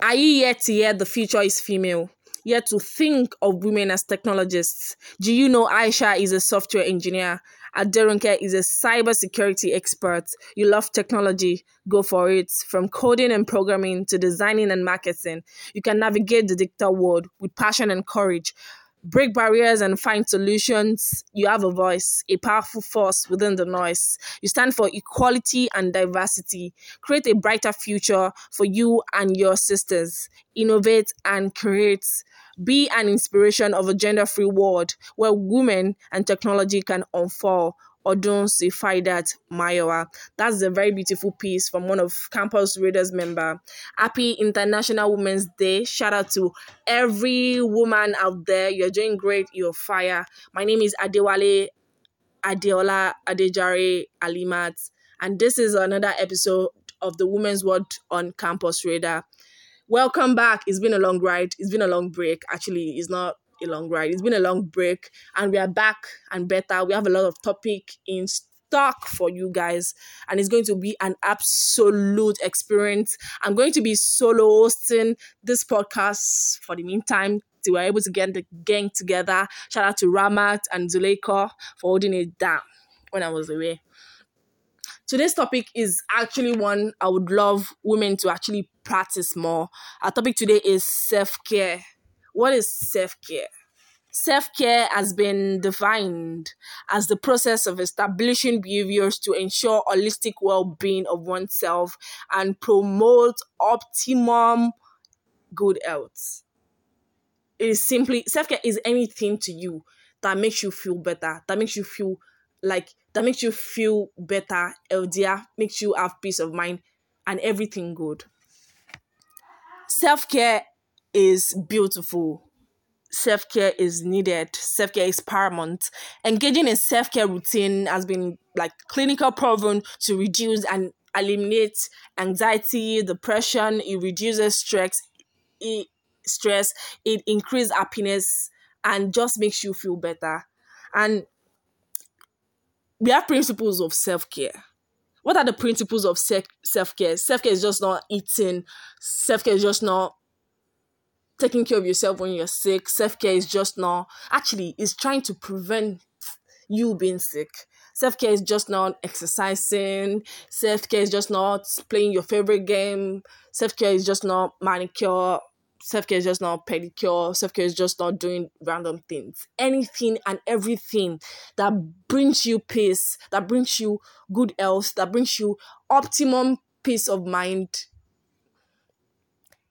Are you yet to hear the future is female? Yet to think of women as technologists? Do you know Aisha is a software engineer? Aderonke is a cybersecurity expert. You love technology, go for it. From coding and programming to designing and marketing, you can navigate the digital world with passion and courage break barriers and find solutions, you have a voice, a powerful force within the noise. You stand for equality and diversity. Create a brighter future for you and your sisters. Innovate and create. Be an inspiration of a gender free world where women and technology can unfold Odun Sifaidat Mayowa. That's a very beautiful piece from one of Campus Readers member. Happy International Women's Day. Shout out to every woman out there. You're doing great. You're fire. My name is Adewale Adeola Adejare Alimat. And this is another episode of the Women's World on Campus Radar. Welcome back. It's been a long ride. It's been a long break. Actually, it's not a long ride. It's been a long break, and we are back and better. We have a lot of topic in stock for you guys, and it's going to be an absolute experience. I'm going to be solo hosting this podcast for the meantime. we were able to get the gang together. Shout out to Ramat and Zuleika for holding it down when I was away today's topic is actually one I would love women to actually practice more. Our topic today is self care. What is self care? Self care has been defined as the process of establishing behaviors to ensure holistic well being of oneself and promote optimum good health. It is simply self care is anything to you that makes you feel better, that makes you feel like that makes you feel better, healthier, makes you have peace of mind and everything good. Self care is beautiful. Self care is needed. Self care is paramount. Engaging in self care routine has been like clinical proven to reduce and eliminate anxiety, depression. It reduces stress. It stress. It increases happiness and just makes you feel better. And we have principles of self care. What are the principles of self care? Self care is just not eating. Self care is just not taking care of yourself when you're sick. Self care is just not actually it's trying to prevent you being sick. Self care is just not exercising. Self care is just not playing your favorite game. Self care is just not manicure. Self care is just not pedicure. Self care is just not doing random things. Anything and everything that brings you peace, that brings you good health, that brings you optimum peace of mind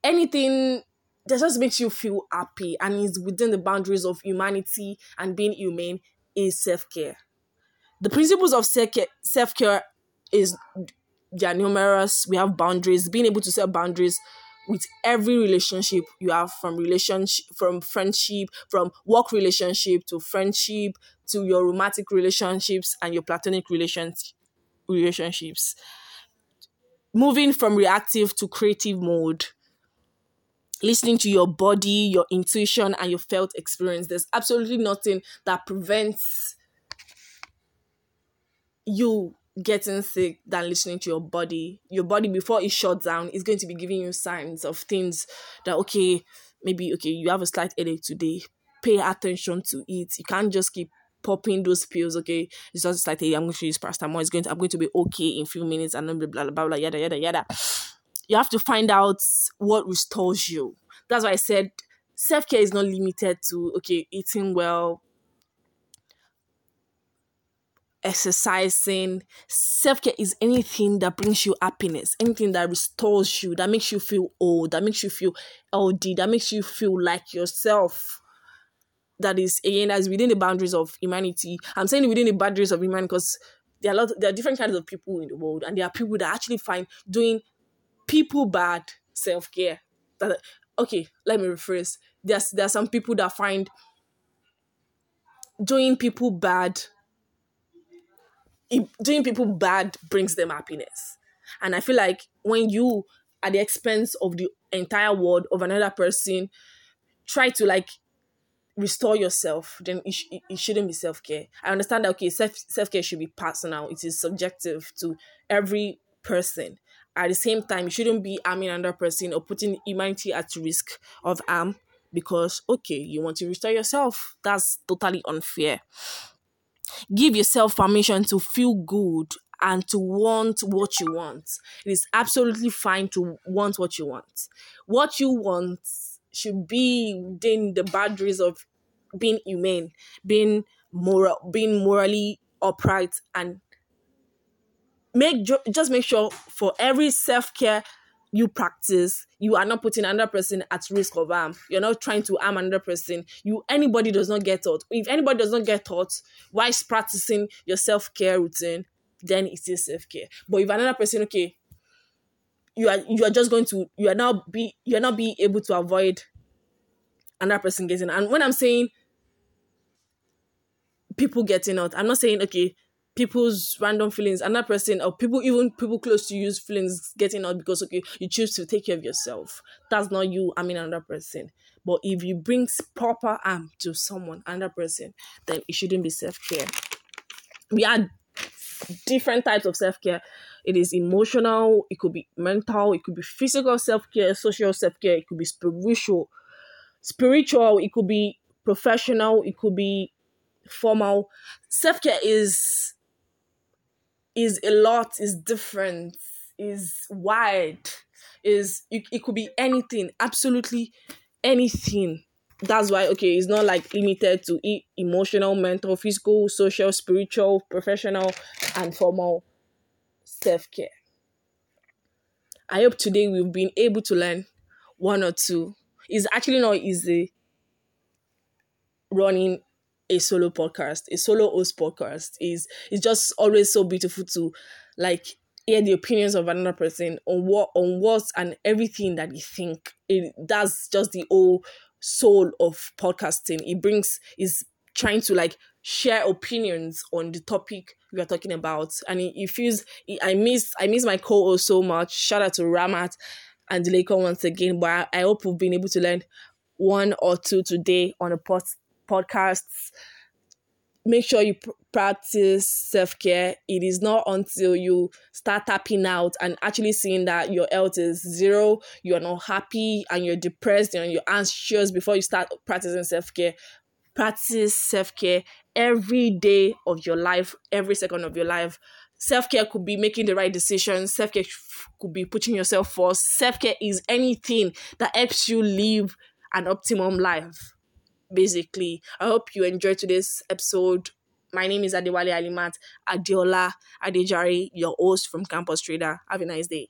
anything that just makes you feel happy and is within the boundaries of humanity and being humane is self-care. The principles of self-care, self-care is they are numerous. We have boundaries, being able to set boundaries with every relationship you have from relationship from friendship from work relationship to friendship to your romantic relationships and your platonic relations relationships moving from reactive to creative mode listening to your body, your intuition, and your felt experience. There's absolutely nothing that prevents you getting sick than listening to your body. Your body, before it shuts down, is going to be giving you signs of things that, okay, maybe, okay, you have a slight headache today. Pay attention to it. You can't just keep popping those pills, okay? It's just like, hey, I'm going to use paracetamol. It's going to, I'm going to be okay in a few minutes and then blah, blah, blah, blah, yada, yada, yada you have to find out what restores you. That's why I said self care is not limited to okay eating well, exercising. Self care is anything that brings you happiness, anything that restores you, that makes you feel old, that makes you feel LD, that makes you feel like yourself. That is again as within the boundaries of humanity. I'm saying within the boundaries of humanity because there are a lot. There are different kinds of people in the world, and there are people that actually find doing people bad self care. Okay, let me rephrase. There's there are some people that find doing people bad doing people bad brings them happiness. And I feel like when you at the expense of the entire world of another person try to like restore yourself then it, sh- it shouldn't be self-care i understand that okay self- self-care should be personal it is subjective to every person at the same time, you shouldn't be harming another person or putting humanity at risk of harm because, okay, you want to restore yourself. That's totally unfair. Give yourself permission to feel good and to want what you want. It is absolutely fine to want what you want. What you want should be within the boundaries of being humane, being moral, being morally upright, and make just make sure for every self-care you practice you are not putting another person at risk of harm you're not trying to harm another person you anybody does not get taught if anybody does not get taught whilst practicing your self-care routine then it is self-care but if another person okay you are you are just going to you are now be you're not be able to avoid another person getting and when i'm saying people getting out i'm not saying okay people's random feelings, another person or people even people close to you's feelings getting out because okay, you choose to take care of yourself. That's not you, I mean another person. But if you bring proper harm to someone, another person, then it shouldn't be self-care. We are different types of self-care. It is emotional, it could be mental, it could be physical self-care, social self-care, it could be spiritual. Spiritual, it could be professional, it could be formal. Self-care is is a lot, is different, is wide, is it, it could be anything, absolutely anything. That's why okay, it's not like limited to e- emotional, mental, physical, social, spiritual, professional, and formal self care. I hope today we've been able to learn one or two. It's actually not easy running a solo podcast, a solo host podcast. Is it's just always so beautiful to like hear the opinions of another person on what on what and everything that you think. It, that's just the whole soul of podcasting. It brings is trying to like share opinions on the topic we are talking about and it, it feels it, i miss i miss my co-host so much shout out to ramat and the once again but I, I hope we've been able to learn one or two today on a post podcasts make sure you pr- practice self care. It is not until you start tapping out and actually seeing that your health is zero, you're not happy, and you're depressed and you're anxious before you start practicing self care. Practice self care every day of your life, every second of your life. Self care could be making the right decisions. Self care could be putting yourself first. Self care is anything that helps you live an optimum life basically. I hope you enjoyed today's episode. My name is Adewale Alimat, Adeola Adejari, your host from Campus Trader. Have a nice day.